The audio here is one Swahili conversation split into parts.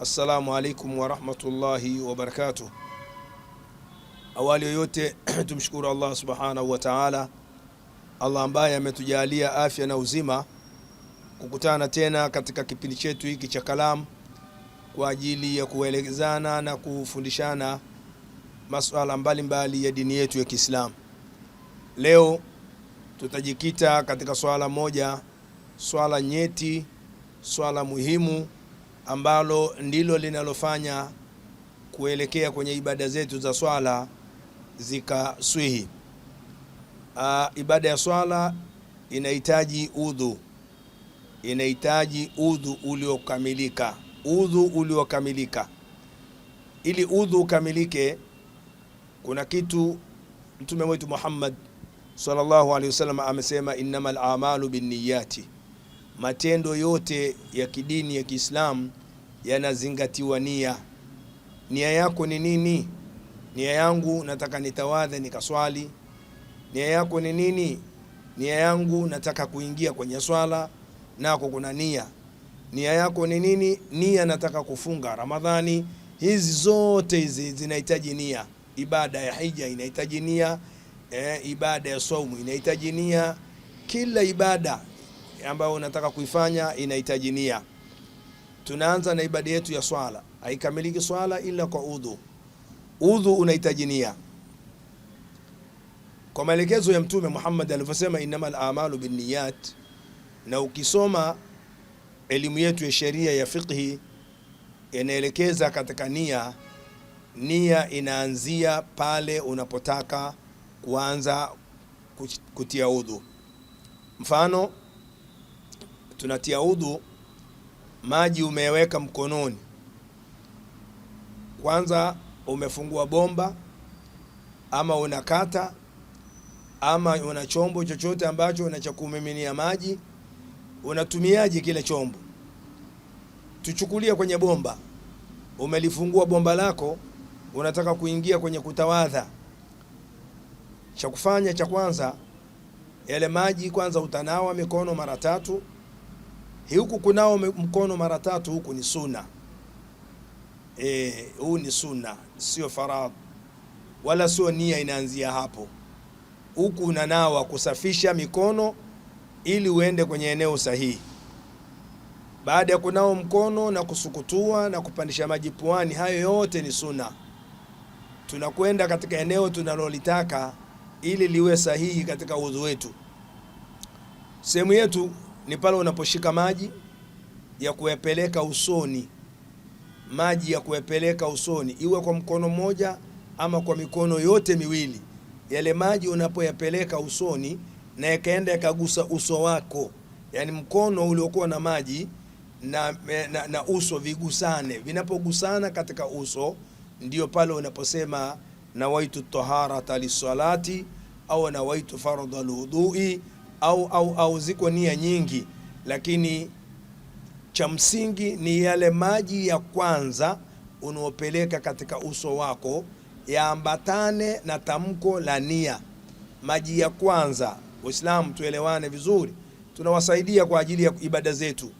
Assalamu alaikum warahmatullahi wabarakatuh. Awali yoyote tumshukuru Allah subhanahu wa taala, Allah ambaye ametujalia afya na uzima kukutana tena katika kipindi chetu hiki cha Kalamu kwa ajili ya kuelezana na kufundishana masuala mbalimbali ya dini yetu ya Kiislamu. Leo tutajikita katika swala moja, swala nyeti, swala muhimu ambalo ndilo linalofanya kuelekea kwenye ibada zetu za swala zikaswihi. Ah, ibada ya swala inahitaji udhu, inahitaji udhu uliokamilika, udhu uliokamilika. Ili udhu ukamilike, kuna kitu Mtume wetu Muhammad sallallahu alaihi wasallam amesema, innamal amalu binniyati, matendo yote ya kidini ya Kiislamu yanazingatiwa nia. Nia yako ni nini? Nia yangu nataka nitawadhe nikaswali. Nia yako ni nini? Nia yangu nataka kuingia kwenye swala, nako kuna nia. Nia yako ni nini? Nia nataka kufunga Ramadhani. Hizi zote hizi zinahitaji nia. Ibada ya hija inahitaji nia. E, ibada ya saumu inahitaji nia. Kila ibada ambayo unataka kuifanya inahitaji nia tunaanza na ibada yetu ya swala. Haikamiliki swala ila kwa udhu. Udhu unahitaji nia, kwa maelekezo ya Mtume Muhammad alivyosema, innamal a'malu binniyat. Na ukisoma elimu yetu ya sheria ya fiqhi inaelekeza katika nia. Nia inaanzia pale unapotaka kuanza kutia udhu. Mfano tunatia udhu maji umeweka mkononi, kwanza umefungua bomba ama unakata ama una chombo chochote ambacho una kumiminia maji, unatumiaje kile chombo? Tuchukulia kwenye bomba, umelifungua bomba lako, unataka kuingia kwenye kutawadha. Cha kufanya cha kwanza, yale maji kwanza utanawa mikono mara tatu huku kunao mkono mara tatu, huku ni sunna eh, huu ni sunna, sio farad wala sio nia, inaanzia hapo. Huku unanawa kusafisha mikono ili uende kwenye eneo sahihi. Baada ya kunao mkono na kusukutua na kupandisha maji puani, hayo yote ni sunna. Tunakwenda katika eneo tunalolitaka ili liwe sahihi katika udhu wetu, sehemu yetu ni pale unaposhika maji ya kuyapeleka usoni, maji ya kuyapeleka usoni, iwe kwa mkono mmoja ama kwa mikono yote miwili. Yale maji unapoyapeleka usoni na yakaenda yakagusa uso wako, yani mkono uliokuwa na maji na, na, na uso vigusane. Vinapogusana katika uso, ndio pale unaposema nawaitu taharata lisalati au nawaitu fardhu lwudui au, au, au ziko nia nyingi, lakini cha msingi ni yale maji ya kwanza unaopeleka katika uso wako yaambatane na tamko la nia. Maji ya kwanza, Waislamu tuelewane vizuri, tunawasaidia kwa ajili ya ibada zetu.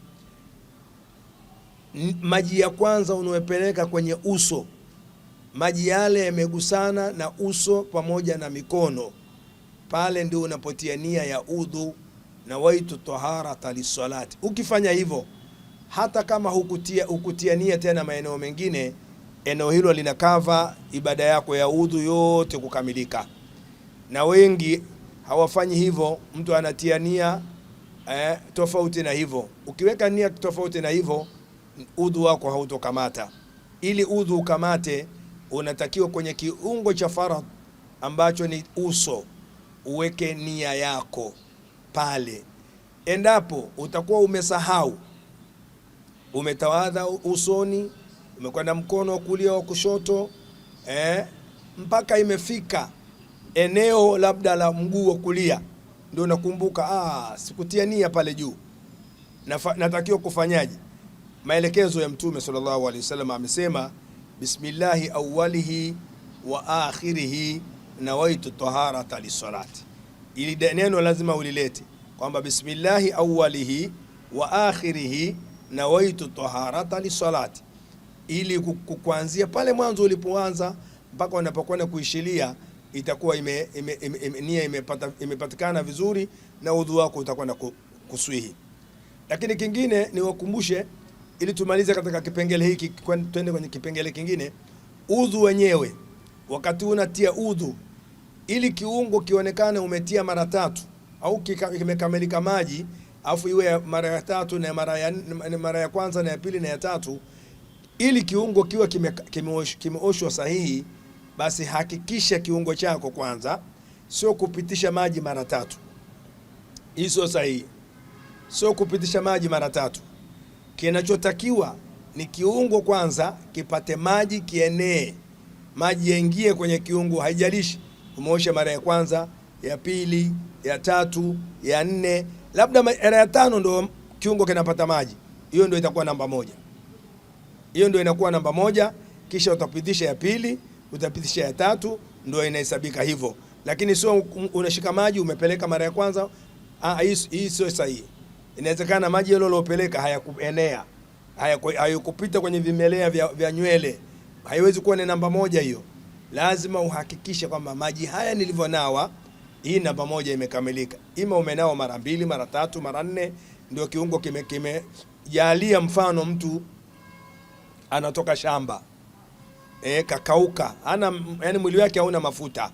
Maji ya kwanza unaopeleka kwenye uso, maji yale yamegusana na uso pamoja na mikono pale ndio unapotia nia ya udhu na waitu tahara lisalati. Ukifanya hivyo hata kama hukutia, hukutia nia tena maeneo mengine, eneo hilo linakava ibada yako ya udhu yote kukamilika. Na wengi hawafanyi hivyo, mtu anatia nia eh, tofauti na hivyo. Ukiweka nia tofauti na hivyo, udhu wako hautokamata. Ili udhu ukamate, unatakiwa kwenye kiungo cha faradh ambacho ni uso uweke nia yako pale. Endapo utakuwa umesahau, umetawadha usoni, umekwenda mkono wa kulia wa kushoto, eh, mpaka imefika eneo labda la mguu wa kulia, ndio nakumbuka, ah, sikutia nia pale juu, natakiwa kufanyaje? Maelekezo ya Mtume sallallahu alaihi wasallam amesema, bismillahi awalihi wa akhirihi nawaitu taharata lisalati, ili neno lazima ulilete kwamba bismillahi awwalihi wa akhirihi nawaitu taharata lisalati, ili kuanzia pale mwanzo ulipoanza mpaka unapokwenda kuishilia itakuwa ime, ime, ime, ime, nia imepata, imepatikana vizuri na udhu wako utakwenda kuswihi. Lakini kingine niwakumbushe, ili tumalize katika kipengele hiki, twende kwenye kipengele kingine. Udhu wenyewe wakati unatia udhu ili kiungo kionekane umetia mara tatu au kimekamilika maji, afu iwe mara ya tatu na mara ya, mara ya kwanza na ya pili na ya tatu, ili kiungo kiwe kimeoshwa kime kime sahihi, basi hakikisha kiungo chako kwanza, sio kupitisha maji mara tatu. Hii sio sahihi, sio kupitisha maji mara tatu. Kinachotakiwa ni kiungo kwanza kipate maji, kienee maji yaingie kwenye kiungo, haijalishi umeosha mara ya kwanza, ya pili, ya tatu, ya nne, labda mara ya tano ndo kiungo kinapata maji, hiyo ndio itakuwa namba moja. Hiyo ndio inakuwa namba moja, kisha utapitisha ya pili, utapitisha ya tatu, ndio inahesabika hivyo. Lakini sio unashika maji umepeleka mara ya kwanza, hii sio sahihi. Inawezekana maji yale uliopeleka hayakuenea, hayakupita kwenye vimelea vya, vya nywele. Haiwezi kuwa ni namba moja hiyo lazima uhakikishe kwamba maji haya nilivyonawa, hii namba moja imekamilika. Ima umenawa mara mbili, mara tatu, mara nne, ndio kiungo kime Kime mfano mtu anatoka shamba e, kakauka, ana yani mwili wake hauna mafuta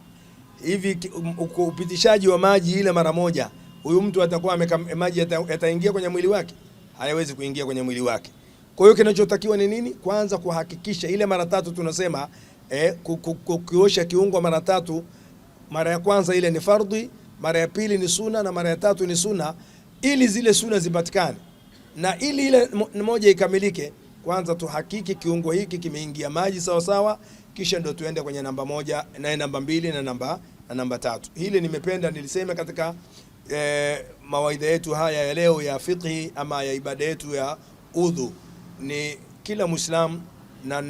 hivi, um, upitishaji wa maji ile mara moja, huyu mtu atakuwa maji yataingia kwenye mwili wake? Hayawezi kuingia kwenye mwili wake. Kwa hiyo kinachotakiwa ni nini? Kwanza kuhakikisha ile mara tatu tunasema eh, kukiosha kiungo mara tatu. Mara ya kwanza ile ni fardhi, mara ya pili ni suna na mara ya tatu ni suna, ili zile suna zipatikane na ili ile moja ikamilike, kwanza tuhakiki kiungo hiki kimeingia maji sawa sawa, kisha ndio tuende kwenye namba moja na namba mbili na namba na namba tatu. Hili nimependa nilisema katika eh, mawaidha yetu haya ya leo ya fiqhi ama ya ibada yetu ya udhu, ni kila Muislamu na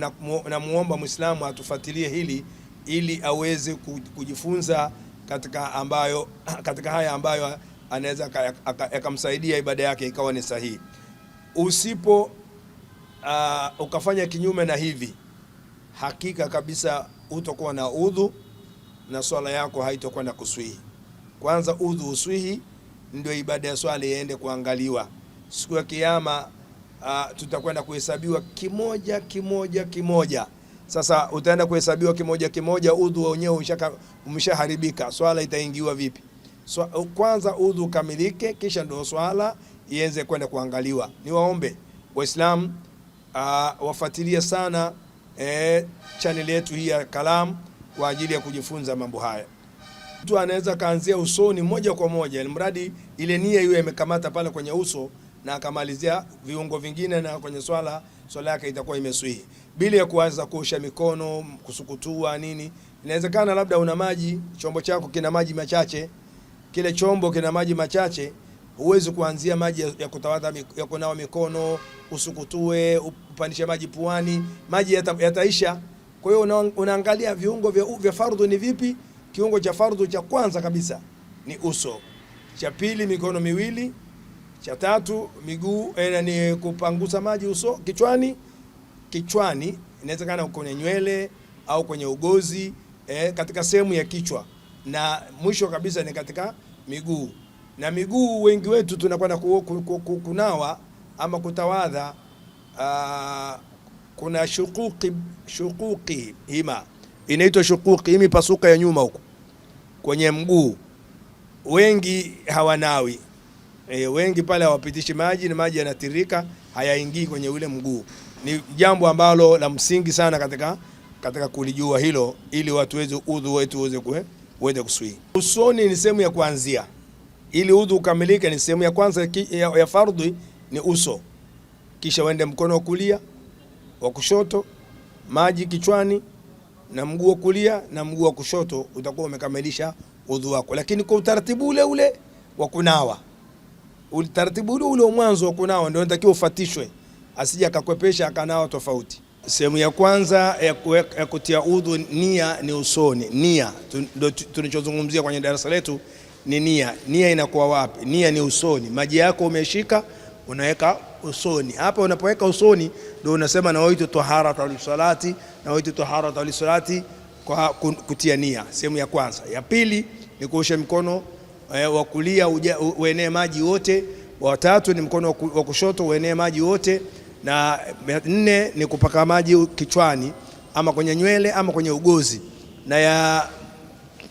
namuomba na Muislamu atufuatilie hili ili aweze kujifunza katika, ambayo, katika haya ambayo anaweza akamsaidia ibada yake ikawa ni sahihi. Usipo uh, ukafanya kinyume na hivi, hakika kabisa utakuwa na udhu na swala yako haitakuwa na kuswihi. Kwanza udhu uswihi, ndio ibada ya swala iende kuangaliwa siku ya Kiyama uh, tutakwenda kuhesabiwa kimoja kimoja kimoja. Sasa utaenda kuhesabiwa kimoja kimoja, udhu wenyewe umeshaharibika, swala itaingiwa vipi? So, kwanza udhu ukamilike, kisha ndio swala ienze kwenda kuangaliwa. Niwaombe Waislamu uh, ah, wafuatilie sana eh, chaneli yetu hii ya Kalam kwa ajili ya kujifunza mambo haya. Mtu anaweza kaanzia usoni moja kwa moja, ili ile nia iwe imekamata pale kwenye uso na akamalizia viungo vingine, na kwenye swala swala yake itakuwa imeswihi bila ya kuanza kuosha mikono, kusukutua nini. Inawezekana labda una maji, chombo chako kina maji machache, kile chombo kina maji machache, huwezi kuanzia maji ya kutawadha, ya kunawa mikono, usukutue, upandishe maji puani, maji yata, yataisha. Kwa hiyo una, unaangalia viungo vya, vya fardhu ni vipi. Kiungo cha fardhu cha kwanza kabisa ni uso, cha pili mikono miwili cha tatu miguu eh, ni kupangusa maji uso kichwani kichwani, inawezekana kwenye nywele au kwenye ugozi eh, katika sehemu ya kichwa, na mwisho kabisa ni katika miguu. Na miguu wengi wetu tunakwenda kunawa ama kutawadha uh, kuna shukuki shukuki hima inaitwa shukuki hii pasuka ya nyuma huko kwenye mguu, wengi hawanawi E, wengi pale hawapitishi maji na maji yanatirika hayaingii kwenye ule mguu. Ni jambo ambalo la msingi sana katika katika kulijua hilo ili watu weze udhu wetu uweze uweze kusui. Usoni ni sehemu ya kuanzia. Ili udhu ukamilike ni sehemu ya kwanza ya, ya fardhi ni uso. Kisha uende mkono wa kulia, wa kushoto, maji kichwani na mguu wa kulia na mguu wa kushoto utakuwa umekamilisha udhu wako. Lakini kwa utaratibu ule ule wa kunawa utaratibu ule ule mwanzo uko nao, ndio unatakiwa ufatishwe, asije akakwepesha akanao tofauti. Sehemu ya kwanza ya kutia udhu nia ni usoni. Nia ndio tunachozungumzia kwenye darasa letu ni nia. Nia inakuwa wapi? Nia ni usoni, maji yako umeshika unaweka usoni. Hapa unapoweka usoni ndio unasema nawaitu taharata lisalati, nawaitu taharata lisalati kwa kutia nia. Sehemu ya kwanza. Ya pili ni kuosha mikono Eh, wa kulia uenee maji wote, watatu ni mkono wa kushoto uenee maji wote, na nne ni kupaka maji kichwani ama kwenye nywele ama kwenye ugozi, na ya,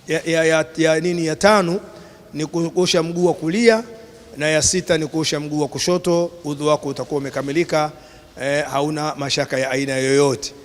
ya, ya, ya, ya nini ya tano ni kuosha mguu wa kulia, na ya sita ni kuosha mguu wa kushoto. Udhu wako utakuwa umekamilika, eh, hauna mashaka ya aina yoyote.